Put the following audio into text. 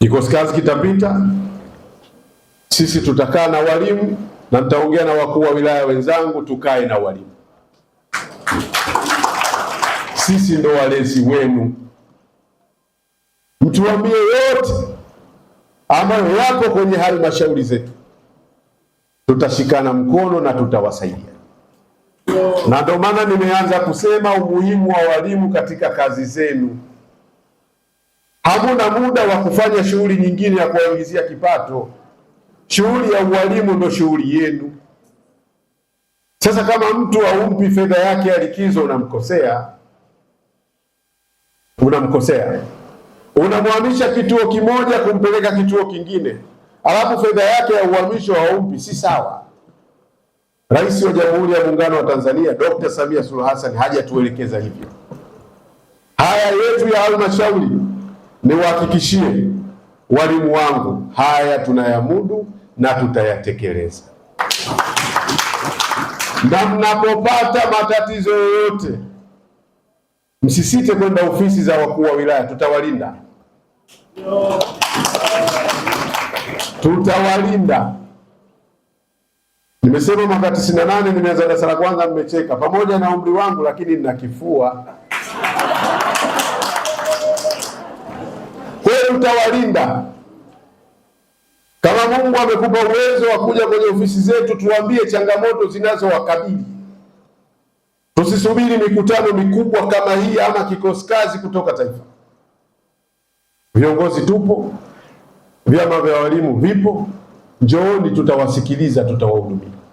Kikosi kazi kitapita, sisi tutakaa na walimu na nitaongea na wakuu wa wilaya wenzangu, tukae na walimu. Sisi ndo walezi wenu, mtuambie yote ambayo yako kwenye halmashauri zetu, tutashikana mkono na tutawasaidia. Na ndio maana nimeanza kusema umuhimu wa walimu katika kazi zenu hamuna muda wa kufanya shughuli nyingine ya kuwaingizia kipato. Shughuli ya ualimu ndio shughuli yenu. Sasa kama mtu aumpi fedha yake ya likizo, unamkosea, unamkosea. Unamhamisha kituo kimoja kumpeleka kituo kingine, alafu fedha yake ya uhamisho haumpi, si sawa. Rais wa Jamhuri ya Muungano wa Tanzania Dr. Samia Suluhu Hassan hajatuelekeza hivyo. Haya yetu ya halmashauri niwahakikishie walimu wangu, haya tunayamudu na tutayatekeleza. Na mnapopata matatizo yoyote, msisite kwenda ofisi za wakuu wa wilaya, tutawalinda, tutawalinda. Nimesema mwaka 98 nimeanza darasa la kwanza, mmecheka pamoja na umri wangu, lakini nina kifua mtawalinda. Kama Mungu amekupa uwezo wa kuja kwenye ofisi zetu, tuambie changamoto zinazowakabili. Tusisubiri mikutano mikubwa kama hii ama kikosi kazi kutoka taifa. Viongozi tupo, vyama vya walimu vipo, njooni, tutawasikiliza, tutawahudumia.